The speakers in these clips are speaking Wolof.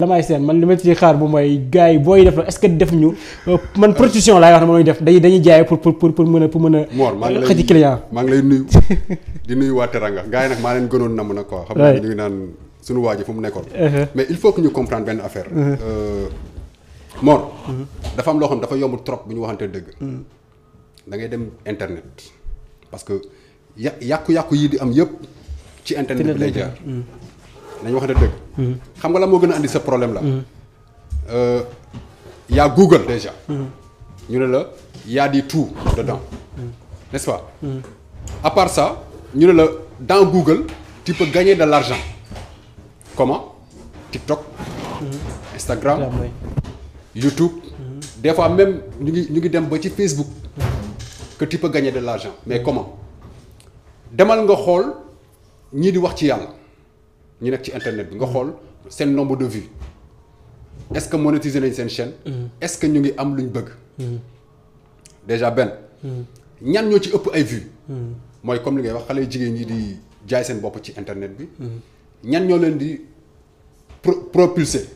damay seen man li ma ci xaar bu mooy gars yi booy def la est-ce que def ñu euh, man production laay wax ne mooy def dañuy dañuy jaay pour pour pour mën a pour mën a xëcc client maa ngi lay nuyu di nuyu waa Teranga gars yi nag maa leen gënoon namm nag quoi xam nga ñu ngi naan suñu waa ji fu mu nekkoon uh-huh. mais il faut que ñu comprendre benn affaire uh-huh. euh, Mor dafa am loo xam dafa yomb trop bu ñu waxantee dëgg uh-huh. da ngay dem internet parce que yà yàqu-yàqu yi di am yëpp ci internet bi lay jaar nañu wax ne dëgg. Mhm. xam nga la moo gën a andi sa problème la. Mhm. Euh, y a Google déjà. Mhm. ñu ne la y a du tout dedans. n'est-ce pas. à part ça ñu ne la dans Google tu peux gagner de l'argent comment TikTok. Instagram YouTube. des fois même ñu ngi ñu ngi dem ba ci Facebook. que tu peux gagner de l'argent mais comment demal nga xool ñii di wax ci yàlla. ñu nekk ci internet bi nga xool seen nombre de vues est-ce que monétiser nañ seen chaîne. Mm. est-ce que ñu ngi am luñ bëgg. Mm. déjà benn. Mm. ñan ñoo ci ëpp ay vues. mooy comme li ngay wax xale yu jigéen ñi di jaay seen bopp ci internet bi. ñan ñoo leen di pro propulser.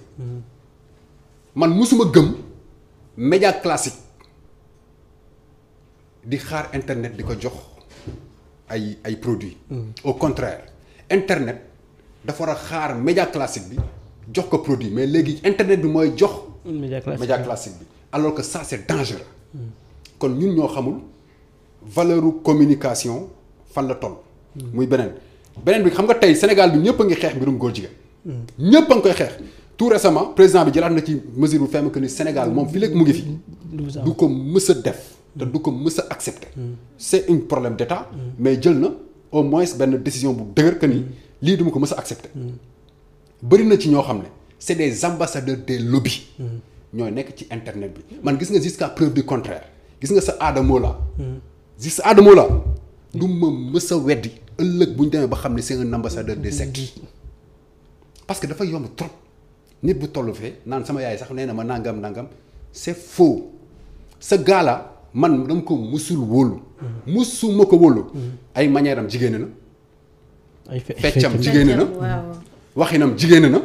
man musuma gëm média classique di xaar internet di ko jox ay ay produits. au contraire internet. dafa war a xaar média classique bi jox ko produit mais léegi internet bi mooy jox. média classique média bi alors que ça c'est dangereux. kon ñun ñoo xamul valeur communication fan la toll. muy beneen beneen bi xam nga tey Sénégal bi ñëpp a ngi xeex mbirum góor jigéen. ñëpp a ngi koy xeex. tout récemment président bi jëlaat na ci mesure bu ferme que ni Sénégal moom fii léegi mu ngi fi. du ko mës def. te du ko mës a accepter. Mm. c'est un problème d'État. mais jël na au moins benn décision bu dëgër que ni. Mm. lii duma ko mës a accepté bëri na ci ñoo xam ne c'est des de des lobbies ñooy nekk ci internet bi man gis nga jusqu'à preuve du contraire gis nga sa Adamo la gis sa Adamo la du ma mës a weddi ëllëg bu ñu demee ba xam ne c'est un ambassadeur des sectes parce que dafa yomb trop nit bu tollu fee naan sama yaay sax nee na ma nangam nangam c'est faux sa gaala man dama ko musul wóolu musuma ko wóolu ay manière am jigéen na ay feccam jigéen na waxinam jigéen na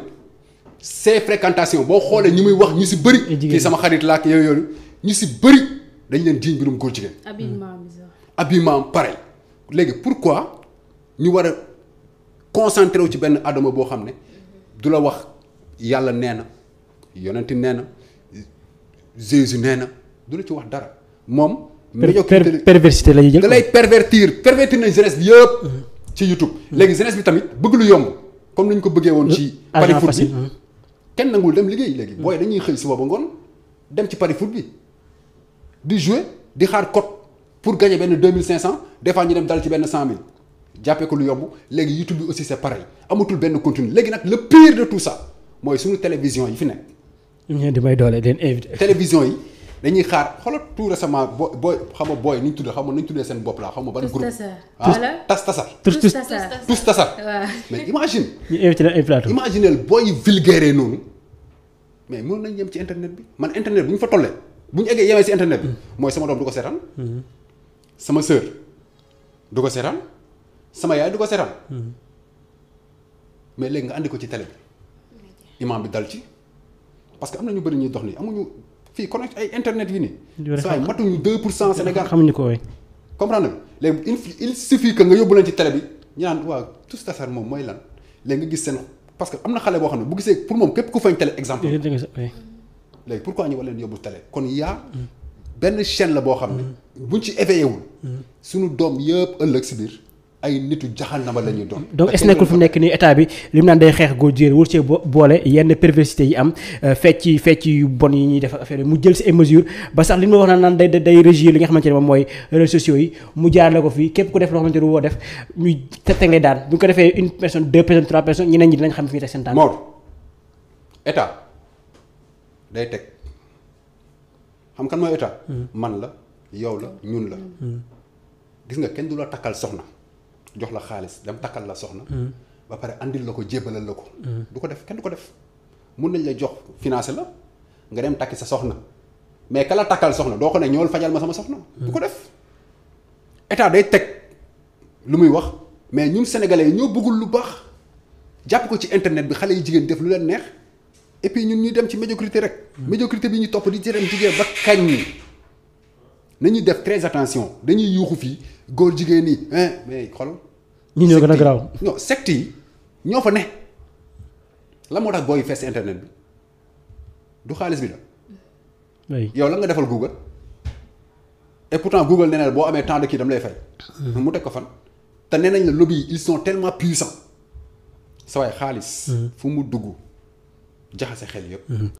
ces fréquentations boo xoolee ñu muy wax ñu si bëri. kii sama xarit laa ak yooyu yooyu ñu si bëri dañ leen jiiñ mbirum góor jigéen. habillement pareil léegi pourquoi ñu war a concentré wu ci benn adama boo xam ne du la wax yàlla nee na yonenti nee na Jésus nee na du la ci wax dara moom. médiocre perversité la ñuy jël da lay pervertir pervertir na jeunesse bi yëpp. ci YouTube. léegi jeunesse bi tamit bëgg lu yomb comme ni ñu ko bëggee woon. ci pari foot bi kenn nangul dem liggéey léegi. booy dañuy xëy suba ba ngoon dem ci pari foot bi di jouer di xaar code pour gagner benn 2500 des fois ñu dem dal ci benn 100000 jàppee ko lu yomb léegi YouTube bi aussi c'est pareil amatul benn continue léegi nag le pire de tout sax mooy suñu télévision yi fi nekk. di may doole leen invité. télévision yi. dañuy xaar xoolal tout récemment bo booy xam nga booy ni ñu tuddee xam nga nu ñu tuddee seen bopp laa xam nga ban groupe tas ah, tasar tous tous tous tasar mais imagine ñu invité leen ay imagineel booy yu vulgaire noonu mais moom nañ yem ci internet bi man internet bu ñu fa tollee bu ñu eggee yemee si internet bi mooy sama doom du ko seetaan sama sœur du ko seetaan sama yaay du ko seetaan mais léegi nga andi ko ci télé bi imam bi dal ci parce que am na ñu bëri ñuy dox nii amuñu fii connect ay internet yi nii. saa yi matuñu 2 pour cent Sénégal xamuñu ko waay. comprendre nga léegi il suffit que nga yóbbu leen ci télé bi ñu naan waaw tout ce moom mooy lan léegi nga gis seen parce que am na xale boo xam ne bu gisee pour moom képp ku fañ télé exemple. léegi pourquoi ñu war leen yóbbu télé kon yaa mm. benn chaine la boo xam ne. Mm. buñ ci éveillé wul. Mm. suñu doom yëpp ëllëg si biir. ay nitu jaxanama la ñuy doon. donc est-ce nekkul fu mu nekk nii état bi li mu naan day xeex góor jigéen wul see boole yenn perversité yi am euh, fecc fecc yu bon yi ñuy def affaire mu jël si ay mesures ba sax li ma wax naan day day régir li nga xamante ne moom mooy réseaux sociaux yi mu jaar ko fii képp ku def loo xamante ne woo def ñuy teg lay daan bu ko defee une personne deux personnes trois personnes ñeneen ñi dinañ xam fi ñu teg day teg xam kan mooy état. Hmm. man la yow la ñun la. Hmm. gis nga kenn du la takkal soxna. jox la xaalis dem takkal la soxna. Hmm. ba pare indil la ko jébbalal la ko. Hmm. du ko def kenn du ko def mun nañ la jox financé la nga dem takki sa soxna mais kala takkal soxna doo ko ne ñëwal fajal ma sama soxna. Hmm. du ko def état day teg lu muy wax mais ñun sénégalais yi ñoo bëggul lu baax jàpp ko ci internet bi xale yi jigéen def lu leen neex et ñun ñuy dem ci médiocrité rek. médiocrité bi ñu topp di ci dem jigéen ba kañ. nañuy def très attention dañuy yuuxu fii góor jigéen yi mais xoolal. ñi ñoo gën a garaaw non secte yi ñoo fa ne la moo tax booy fees internet bi du xaalis bi la. yow la nga defal Google et pourtant Google nee na boo amee temps de kii dam lay fay. Mm-hmm. mu teg ko fan. te nee nañ la lobby yi ils sont tellement puissants. sa waay xaalis. Mm-hmm. fu mu dugg jaxase xel yëpp. Mm-hmm.